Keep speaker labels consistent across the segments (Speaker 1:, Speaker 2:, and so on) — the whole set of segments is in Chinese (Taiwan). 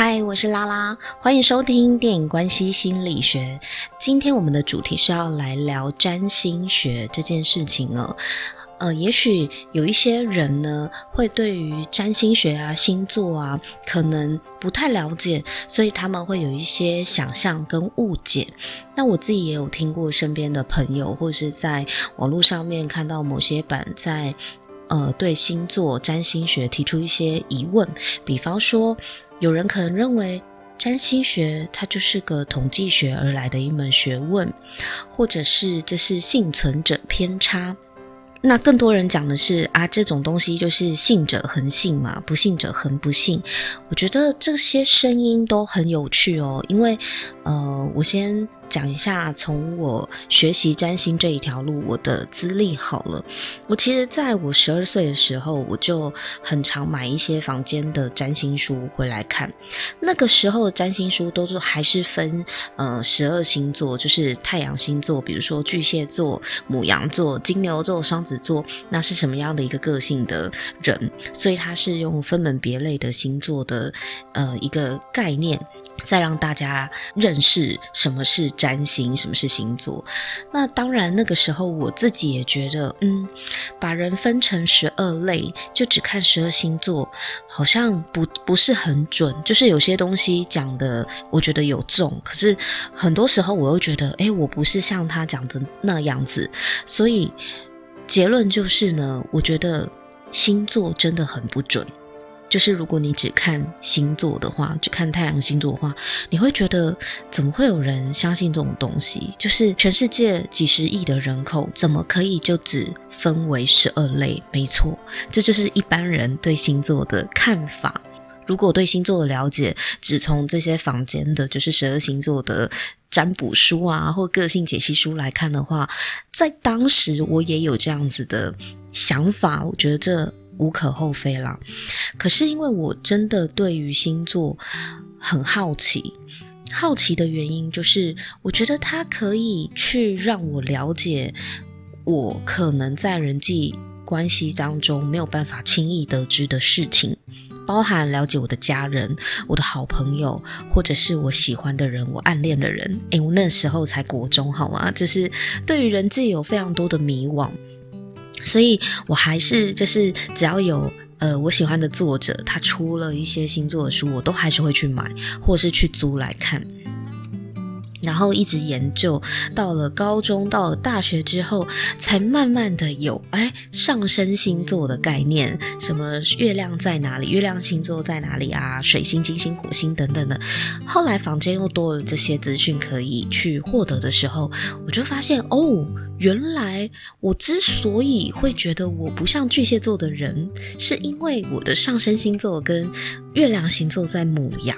Speaker 1: 嗨，Hi, 我是拉拉，歡迎收聽電影關係星理學。今天我們的主題是要來聊占星學這件事情了、哦。呃，也許有一些人呢，會對於占星學啊、星座啊，可能不太了解，所以他們會有一些想象跟誤解。那我自己也有聽過身邊的朋友，或是在網絡上面看到某些版在呃對星座占星學提出一些疑問，比方說。有人可能認為占星學它就是個統計學而來的一門學問，或者是這是幸存者偏差。那更多人講的是啊，這種東西就是信者恆信嘛，不信者恆不信。我覺得這些聲音都很有趣哦，因為呃，我先。講一下，從我學習占星這一條路，我的資歷好了。我其實在我十二歲的時候，我就很常買一些坊間的占星書回來看。那個時候的占星書都是還是分呃十二星座，就是太陽星座，比如說巨蟹座、牡羊座、金牛座、雙子座，那是什麼樣的一個個性的人？所以它是用分門別類的星座的呃一個概念。再讓大家認識什麼是占星，什麼是星座。那當然，那個時候我自己也覺得，嗯，把人分成十二類，就只看十二星座，好像不不是很準。就是有些東西講的，我覺得有中，可是很多時候我又覺得，哎，我不是像他講的那樣子。所以結論就是呢，我覺得星座真的很不準。就是如果你只看星座的話，只看太陽星座的話，你會覺得怎麼會有人相信這種東西？就是全世界幾十億的人口，怎麼可以就只分為十二類？沒錯，這就是一般人對星座的看法。如果我對星座的了解只從這些坊間的，就是十二星座的占卜書啊，或個性解析書來看的話，在當時我也有這樣子的想法，我覺得這。無可厚非了，可是因為我真的對於星座很好奇，好奇的原因就是，我覺得它可以去讓我了解我可能在人際關係當中沒有辦法輕易得知的事情，包含了解我的家人、我的好朋友，或者是我喜歡的人、我暗戀的人。誒，我那時候才國中，好嗎？就是對於人際有非常多的迷惘。所以，我還是就是只要有呃我喜歡的作者，他出了一些星座的書，我都還是會去買，或是去租來看。然後一直研究，到了高中，到了大學之後，才慢慢的有誒上升星座的概念，什麼月亮在哪裡，月亮星座在哪裡啊，水星、金星、火星等等的。後來坊間又多了這些資訊可以去獲得的時候，我就發現哦。原來我之所以會覺得我不像巨蟹座的人，是因為我的上升星座跟月亮星座在牡羊，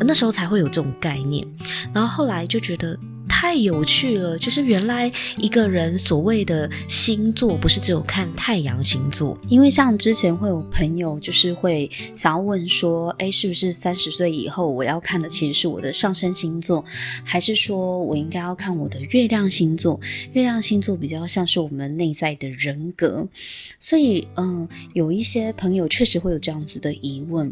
Speaker 1: 那時候才會有這種概念。然後後來就覺得。太有趣了，就是原來一個人所謂的星座不是只有看太陽星座，因為像之前會有朋友就是會想要問說，誒，是不是三十歲以後我要看的其實是我的上升星座，還是說我應該要看我的月亮星座？月亮星座比較像是我們內在的人格，所以嗯，有一些朋友確實會有這樣子的疑問，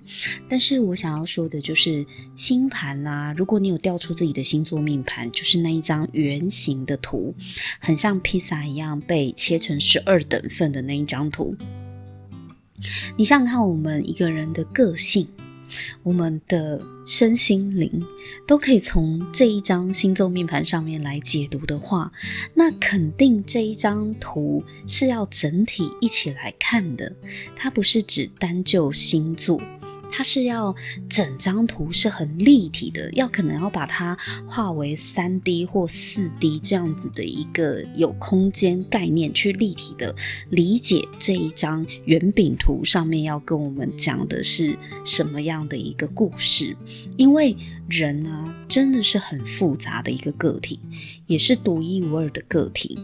Speaker 1: 但是我想要說的就是星盤啦、啊，如果你有調出自己的星座命盤，就是那。一張圓形的圖，很像披薩一樣被切成十二等份的那一張圖。你想看我們一個人的個性、我們的身心靈，都可以從這一張星座命盤上面來解讀的話，那肯定這一張圖是要整體一起來看的，它不是指單就星座。它是要整張圖是很立體的，要可能要把它化為三 D 或四 D 這樣子的一個有空間概念去立體的理解這一張圓餅圖上面要跟我們講的是什麼樣的一個故事？因為人呢，啊，真的是很複雜的一個個體，也是獨一無二的個體。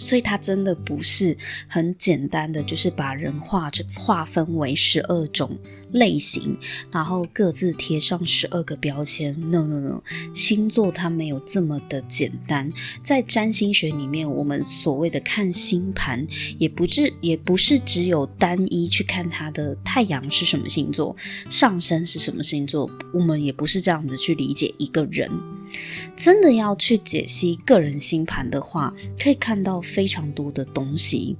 Speaker 1: 所以它真的不是很簡單的，就是把人劃成，劃分為十二種類型，然後各自貼上十二個標籤。No No No，星座它沒有這麼的簡單。在占星學裡面，我們所謂的看星盤，也不是也不是只有單一去看它的太陽是什麼星座，上升是什麼星座，我們也不是這樣子去理解一個人。真的要去解析個人星盤的話，可以看到非常多的東西。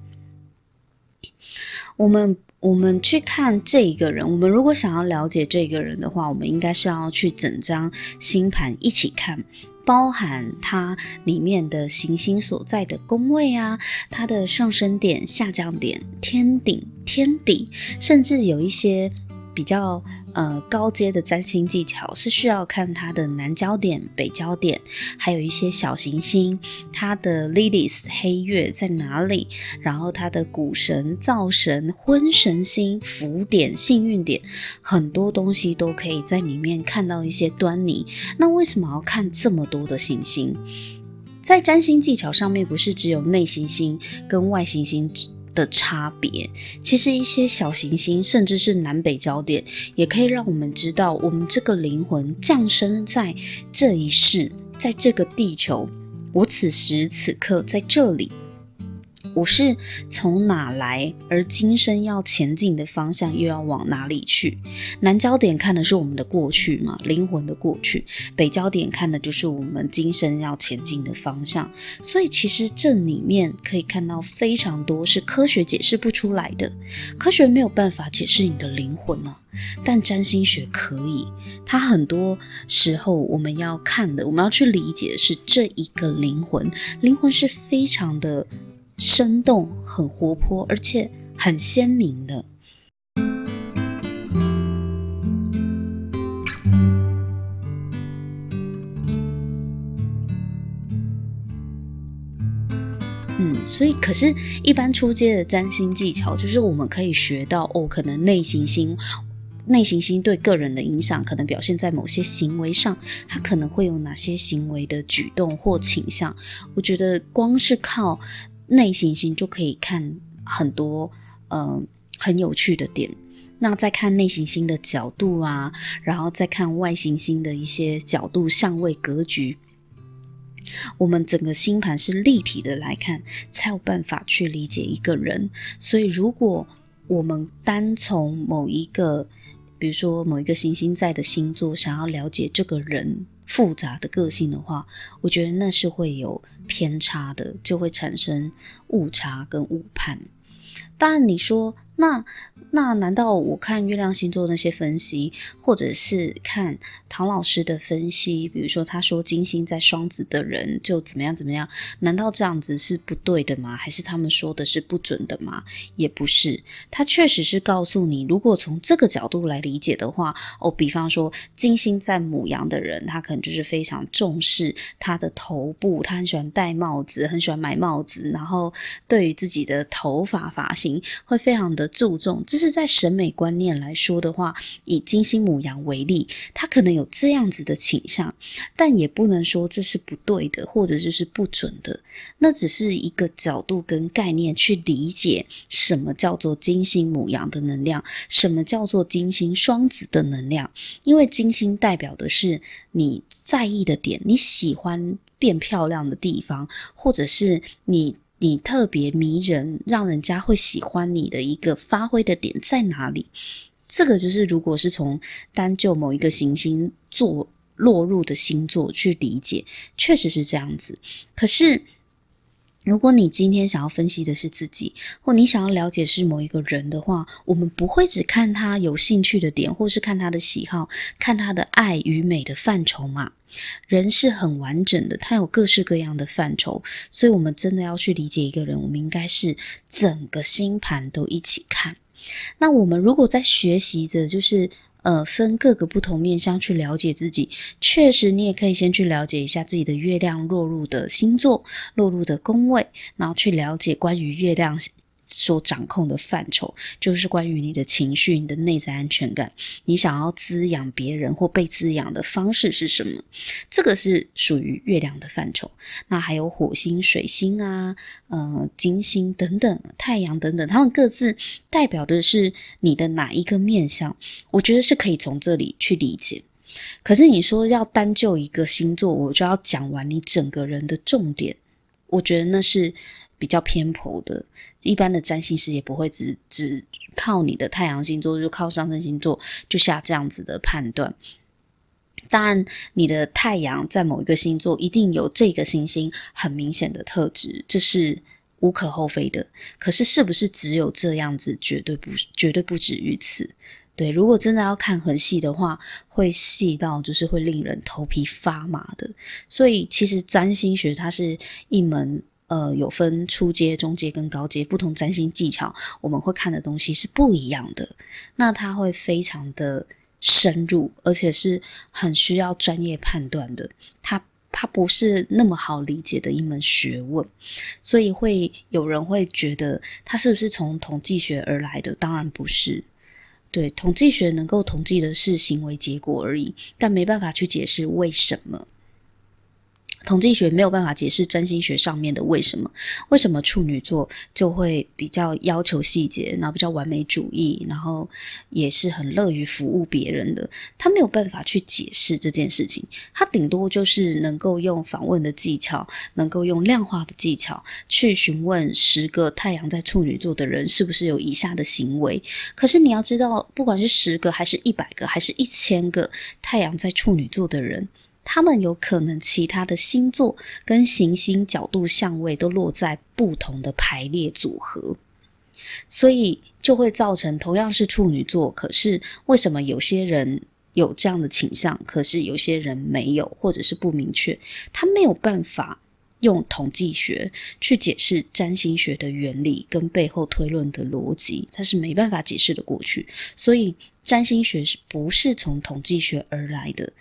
Speaker 1: 我們我們去看這一個人，我們如果想要了解這個人的話，我們應該是要去整張星盤一起看，包含它裡面的行星所在的宮位啊，它的上升點、下降點、天頂、天底，甚至有一些比較。呃，高階的占星技巧是需要看它的南交點、北交點，還有一些小行星，它的 Lilith 黑月在哪裡，然後它的谷神、灶神、婚神星、福點、幸運點，很多東西都可以在裡面看到一些端倪。那為什麼要看這麼多的行星？在占星技巧上面，不是只有內行星跟外行星？的差別，其實一些小行星，甚至是南北交點，也可以讓我們知道，我們這個靈魂降生在這一世，在這個地球，我此時此刻在這裡。我是從哪來，而今生要前進的方向又要往哪裡去？南交點看的是我們的過去嘛，靈魂的過去；北交點看的就是我們今生要前進的方向。所以其實這裡面可以看到非常多是科學解釋不出來的，科學沒有辦法解釋你的靈魂呢、啊，但占星學可以。它很多時候我們要看的，我們要去理解的是這一個靈魂，靈魂是非常的。生動、很活潑，而且很鮮明的。嗯，所以可是，一般初階的占星技巧，就是我們可以學到哦，可能內行星、內行星對個人的影響，可能表現在某些行為上，它可能會有哪些行為的舉動或傾向，我覺得，光是靠內行星就可以看很多，嗯、呃，很有趣的點。那再看內行星的角度啊，然後再看外行星的一些角度、相位、格局。我們整個星盤是立體的來看，才有辦法去理解一個人。所以，如果我們單從某一個，比如說某一個行星在的星座，想要了解這個人。複雜的個性的話，我覺得那是會有偏差的，就會產生誤差跟誤判。當然你說。那那難道我看月亮星座的那些分析，或者是看唐老師的分析，比如說他說金星在雙子的人就怎麼樣怎麼樣？難道這樣子是不對的嗎？還是他們說的是不準的嗎？也不是，他確實是告訴你，如果從這個角度來理解的話，哦，比方說金星在牡羊的人，他可能就是非常重視他的頭部，他很喜歡戴帽子，很喜歡買帽子，然後對於自己的頭髮髮型會非常的。注重，這是在審美觀念來說的話，以金星牡羊為例，它可能有這樣子的傾向，但也不能說這是不對的，或者就是不準的。那只是一個角度跟概念去理解什麼叫做金星牡羊的能量，什麼叫做金星雙子的能量。因為金星代表的是你在意的點，你喜歡變漂亮的地方，或者是你。你特別迷人，讓人家會喜歡你的一個發揮的點在哪裡？這個就是，如果是從單就某一個行星座落入的星座去理解，確實是這樣子。可是，如果你今天想要分析的是自己，或你想要了解是某一個人的話，我們不會只看他有興趣的點，或是看他的喜好，看他的愛與美的範疇嘛。人是很完整的，他有各式各樣的範疇，所以我們真的要去理解一個人，我們應該是整個星盤都一起看。那我們如果在學習着，就是呃分各個不同面相去了解自己，確實你也可以先去了解一下自己的月亮落入的星座、落入的宮位，然後去了解關於月亮，所掌控的範疇，就是關於你的情緒、你的內在安全感、你想要滋養別人或被滋養的方式是什麼。這個是屬於月亮的範疇。那還有火星、水星啊，呃，金星等等，太陽等等，他們各自代表的是你的哪一個面向？我覺得是可以從這裡去理解。可是你說要單就一個星座，我就要講完你整個人的重點，我覺得那是。比較偏頗的，一般的占星師也不會只只靠你的太陽星座，就靠上升星座就下這樣子的判斷。當然，你的太陽在某一個星座，一定有這個星星很明顯的特質，這、就是無可厚非的。可是，是不是只有這樣子？絕對不，絕對不止於此。對，如果真的要看很細的話，會細到就是會令人頭皮發麻的。所以，其實占星學它是一門。呃，有分初階、中階跟高階，不同占星技巧，我們會看的東西是不一樣的。那它會非常的深入，而且是很需要專業判斷的。它它不是那麼好理解的一門學問，所以會有人會覺得它是不是從統計學而來的？當然不是。對，統計學能夠統計的是行為結果而已，但沒辦法去解釋為什麼。統計學沒有辦法解釋占星學上面的為什麼？為什麼處女座就會比較要求細節，然後比較完美主義，然後也是很樂於服務別人的？他沒有辦法去解釋這件事情，他頂多就是能夠用訪問的技巧，能夠用量化的技巧去詢問十個太陽在處女座的人是不是有以下的行為。可是你要知道，不管是十個還是一百個還是一千個太陽在處女座的人，他們有可能其他的星座跟行星角度相位都落在不同的排列組合，所以就會造成同樣是處女座，可是為什麼有些人有這樣的傾向，可是有些人沒有，或者是不明確，他沒有辦法用統計學去解釋占星學的原理跟背後推論的邏輯，他是沒辦法解釋得過去，所以占星學是不是從統計學而來的？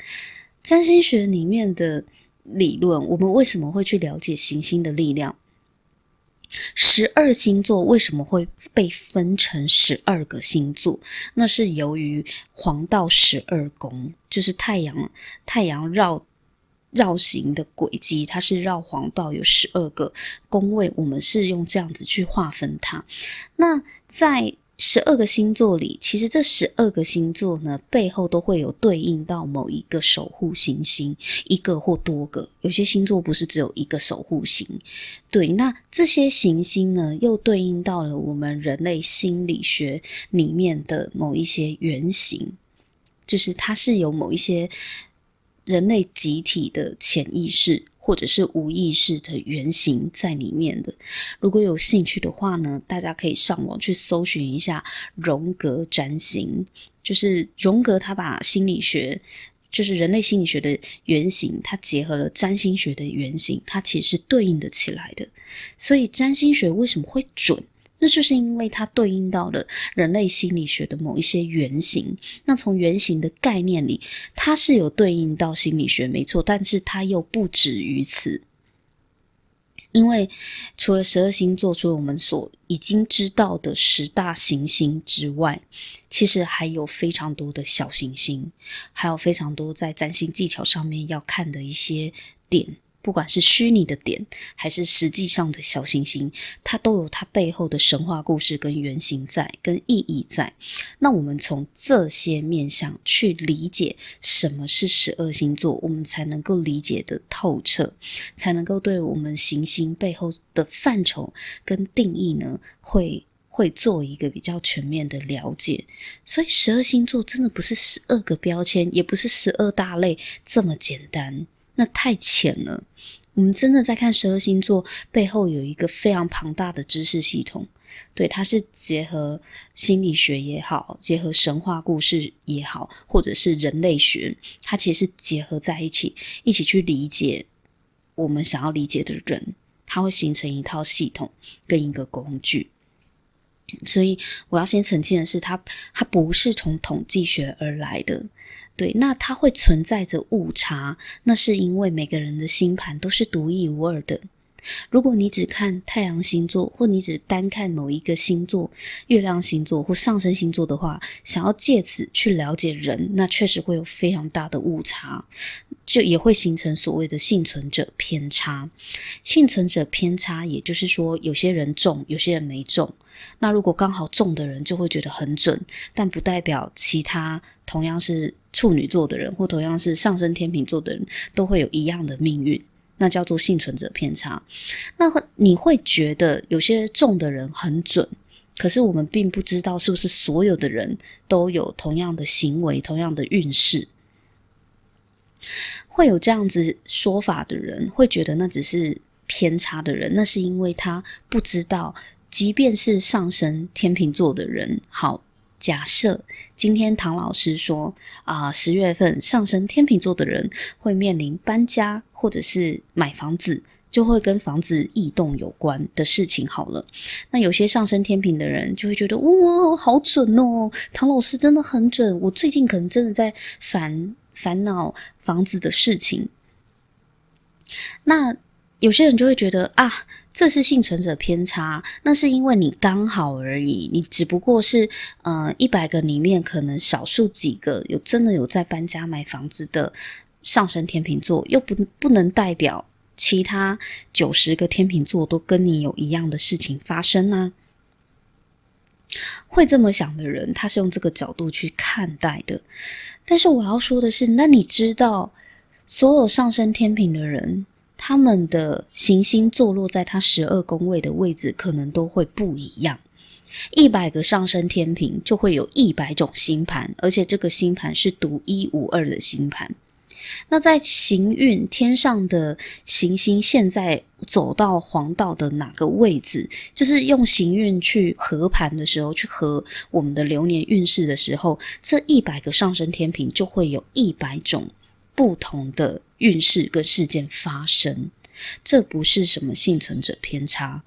Speaker 1: 占星學裡面的理論，我們為什麼會去了解行星的力量？十二星座為什麼會被分成十二個星座？那是由於黃道十二宮，就是太陽太陽繞繞行的軌跡，它是繞黃道有十二個宮位，我們是用這樣子去劃分它。那在十二個星座裡，其實這十二個星座呢，背後都會有對應到某一個守護行星，一個或多個。有些星座不是只有一個守護星。對，那這些行星呢，又對應到了我們人類心理學裡面的某一些原型，就是它是有某一些人類集體的潛意識。或者是無意識的原型在裡面的，如果有興趣的話呢，大家可以上網去搜尋一下榮格占星，就是榮格他把心理學，就是人類心理學的原型，它結合了占星學的原型，它其實是對應的起來的，所以占星學為什麼會準？那就是因為它對應到了人類心理學的某一些原型。那從原型的概念裡，它是有對應到心理學沒錯，但是它又不止於此。因為除了十二星座，除了我們所已經知道的十大行星之外，其實還有非常多的小行星，還有非常多在占星技巧上面要看的一些點。不管是虛擬的點，還是實際上的小行星，它都有它背後的神話故事跟原型在，跟意義在。那我們從這些面向去理解什麼是十二星座，我們才能夠理解得透徹，才能夠對我們行星背後的範疇跟定義呢，會會做一個比較全面的了解。所以，十二星座真的不是十二個標籤，也不是十二大類這麼簡單。那太淺了。我們真的在看十二星座背後有一個非常龐大的知識系統，對，它是結合心理學也好，結合神話故事也好，或者是人類學，它其實是結合在一起，一起去理解我們想要理解的人，它會形成一套系統跟一個工具。所以我要先澄清的是，它它不是從統計學而來的。對，那它會存在着誤差，那是因為每個人的星盤都是獨一無二的。如果你只看太陽星座，或你只單看某一個星座、月亮星座或上升星座的話，想要借此去了解人，那確實會有非常大的誤差。就也會形成所謂的幸存者偏差。幸存者偏差，也就是說，有些人中，有些人沒中。那如果剛好中的人就會覺得很準，但不代表其他同樣是處女座的人或同樣是上升天秤座的人都會有一樣的命運。那叫做幸存者偏差。那你會覺得有些中的人很準，可是我們並不知道是不是所有的人都有同樣的行為、同樣的運勢。會有這樣子說法的人，會覺得那只是偏差的人，那是因為他不知道，即便是上升天秤座的人，好，假設今天唐老師說啊，十，呃，月份上升天秤座的人會面臨搬家或者是買房子，就會跟房子異動有關的事情。好了，那有些上升天秤的人就會覺得哇，好準哦，唐老師真的很準，我最近可能真的在煩。煩惱房子的事情，那有些人就會覺得啊，這是倖存者偏差，那是因為你剛好而已，你只不過是呃一百個裡面可能少數幾個有真的有在搬家買房子的上升天秤座，又不不能代表其他九十個天秤座都跟你有一樣的事情發生呢、啊。會這麼想的人，他是用這個角度去看待的。但是我要說的是，那你知道，所有上升天秤的人，他們的行星坐落在他十二宮位的位置，可能都會不一樣。一百個上升天秤就會有一百種星盤，而且這個星盤是獨一無二的星盤。那在行運天上的行星現在走到黃道的哪個位置，就是用行運去合盤的時候，去合我們的流年運勢的時候，這一百個上升天秤就會有一百種不同的運勢跟事件發生。這不是什麼幸存者偏差，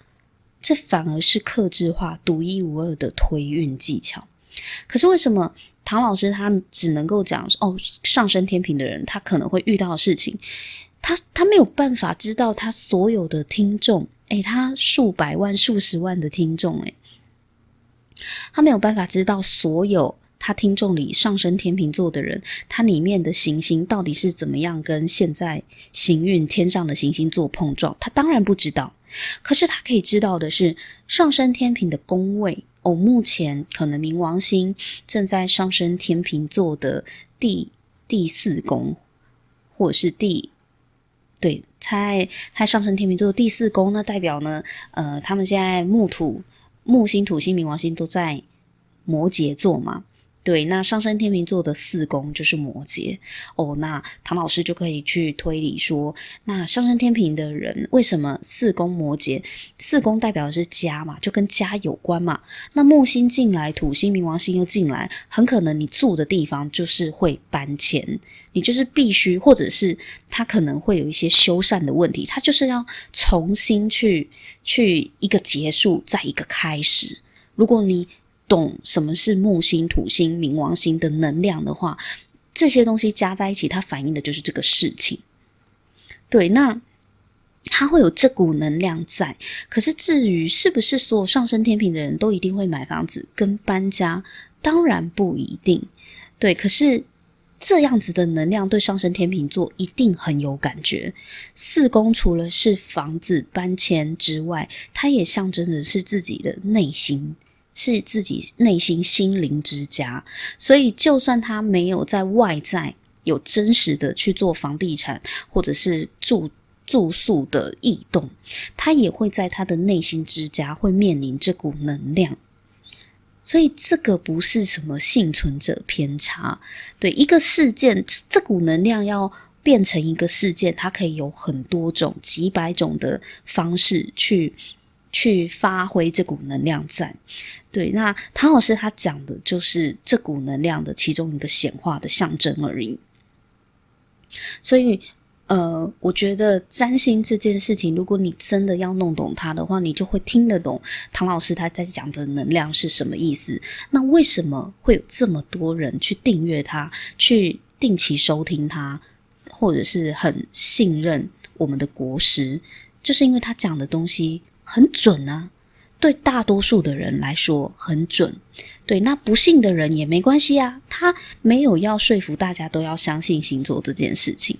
Speaker 1: 這反而是客製化獨一無二的推運技巧。可是為什麼？唐老師他只能夠講哦，上升天秤的人他可能會遇到的事情，他他沒有辦法知道他所有的聽眾，哎、欸，他數百萬、數十萬的聽眾，哎，他沒有辦法知道所有他聽眾裡上升天秤座的人，他裡面的行星到底是怎麼樣跟現在行運天上的行星做碰撞，他當然不知道。可是他可以知道的是上升天秤的宮位。哦，目前可能冥王星正在上升天秤座的第第四宮，或者是第，對，他他上升天秤座的第四宮呢，那代表呢？呃，他們現在木土、木星、土星、冥王星都在摩羯座嘛？對，那上升天秤座的四宮就是摩羯哦。那唐老師就可以去推理說，那上升天秤的人為什麼四宮摩羯？四宮代表的是家嘛，就跟家有關嘛。那木星進來，土星冥王星又進來，很可能你住的地方就是會搬遷，你就是必須，或者是他可能會有一些修繕的問題，他就是要重新去去一個結束，再一個開始。如果你。懂什麼是木星、土星、冥王星的能量的話，這些東西加在一起，它反映的就是這個事情。對，那它會有這股能量在。可是至於是不是所有上升天秤的人都一定會買房子跟搬家，當然不一定。對，可是這樣子的能量對上升天秤座一定很有感覺。四宮除了是房子搬遷之外，它也象徵的是自己的內心。是自己內心，心靈之家，所以就算他沒有在外在有真實的去做房地產或者是住住宿的異動，他也會在他的內心之家會面臨這股能量。所以這個不是什麼幸存者偏差，對，一個事件，這股能量要變成一個事件，它可以有很多種、幾百種的方式去去發揮這股能量在。對，那唐老師他講的就是這股能量的其中一個顯化的象徵而已。所以，呃，我覺得占星這件事情，如果你真的要弄懂它的話，你就會聽得懂唐老師他在講的能量是什麼意思。那為什麼會有這麼多人去訂閱他，去定期收聽他，或者是很信任我們的國師，就是因為他講的東西很準啊。對大多數的人來說很準，對，那不信的人也沒關係啊，他沒有要說服大家都要相信星座這件事情，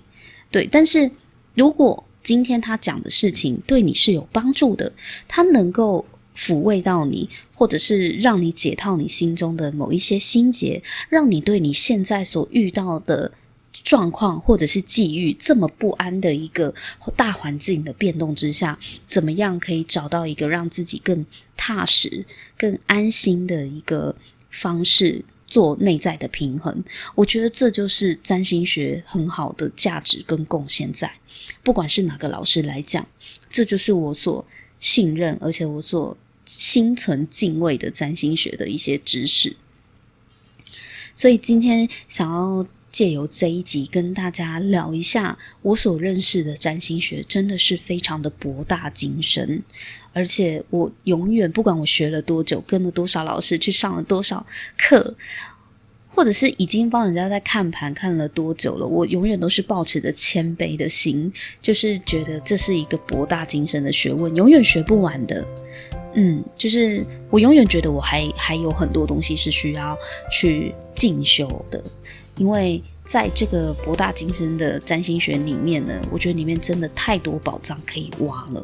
Speaker 1: 對。但是如果今天他講的事情對你是有幫助的，他能夠撫慰到你，或者是讓你解套你心中的某一些心結，讓你對你現在所遇到的狀況或者是際遇，這麼不安的一個大環境的變動之下，怎麼樣可以找到一個讓自己更踏實、更安心的一個方式做內在的平衡？我覺得這就是占星學很好的價值跟貢獻在。不管是哪個老師來講，這就是我所信任，而且我所心存敬畏的占星學的一些知識。所以今天想要。借由這一集，跟大家聊一下我所認識的占星學，真的是非常的博大精深。而且我永遠，不管我學了多久，跟了多少老師去上了多少課，或者是已經幫人家在看盤看了多久了，我永遠都是抱持着謙卑的心，就是覺得這是一個博大精深的學問，永遠學不完的。嗯，就是我永遠覺得我還還有很多東西是需要去進修的。因為在這個博大精深的占星學裡面呢，我覺得裡面真的太多寶藏可以挖了。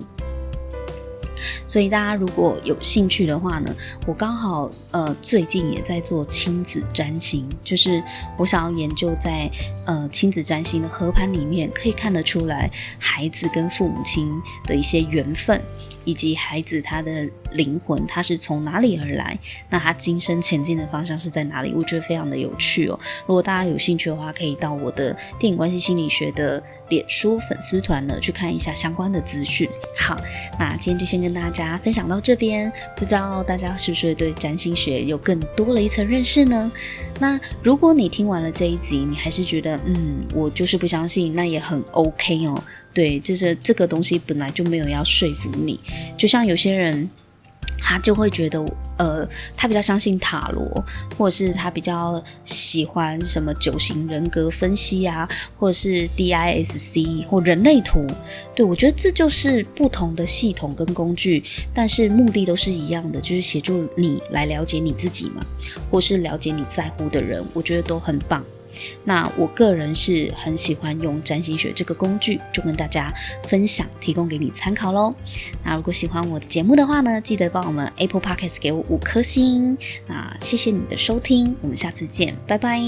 Speaker 1: 所以大家如果有興趣的話呢，我剛好呃最近也在做親子占星，就是我想要研究在呃親子占星的合盤裡面，可以看得出來孩子跟父母親的一些緣分。以及孩子他的靈魂，他是從哪裡而來？那他今生前進的方向是在哪裡？我覺得非常的有趣哦。如果大家有興趣的話，可以到我的電影關係星理學的臉書粉絲團呢，去看一下相關的資訊。好，那今天就先跟大家分享到這邊。不知道大家是不是對占星學有更多了一層認識呢？那如果你聽完了這一集，你還是覺得嗯，我就是不相信，那也很 OK 哦。對，就是這個東西本來就沒有要說服你，就像有些人，他就會覺得，呃，他比較相信塔羅，或者是他比較喜歡什麼九型人格分析啊，或者是 DISC 或人類圖。對，我覺得這就是不同的系統跟工具，但是目的都是一樣的，就是協助你來了解你自己嘛，或是了解你在乎的人，我覺得都很棒。那我個人是很喜歡用占星學這個工具，就跟大家分享，提供給你參考嘍。那如果喜歡我的節目的話呢，記得幫我們 Apple Podcast 給我五顆星。那謝謝你的收聽，我們下次見，拜拜。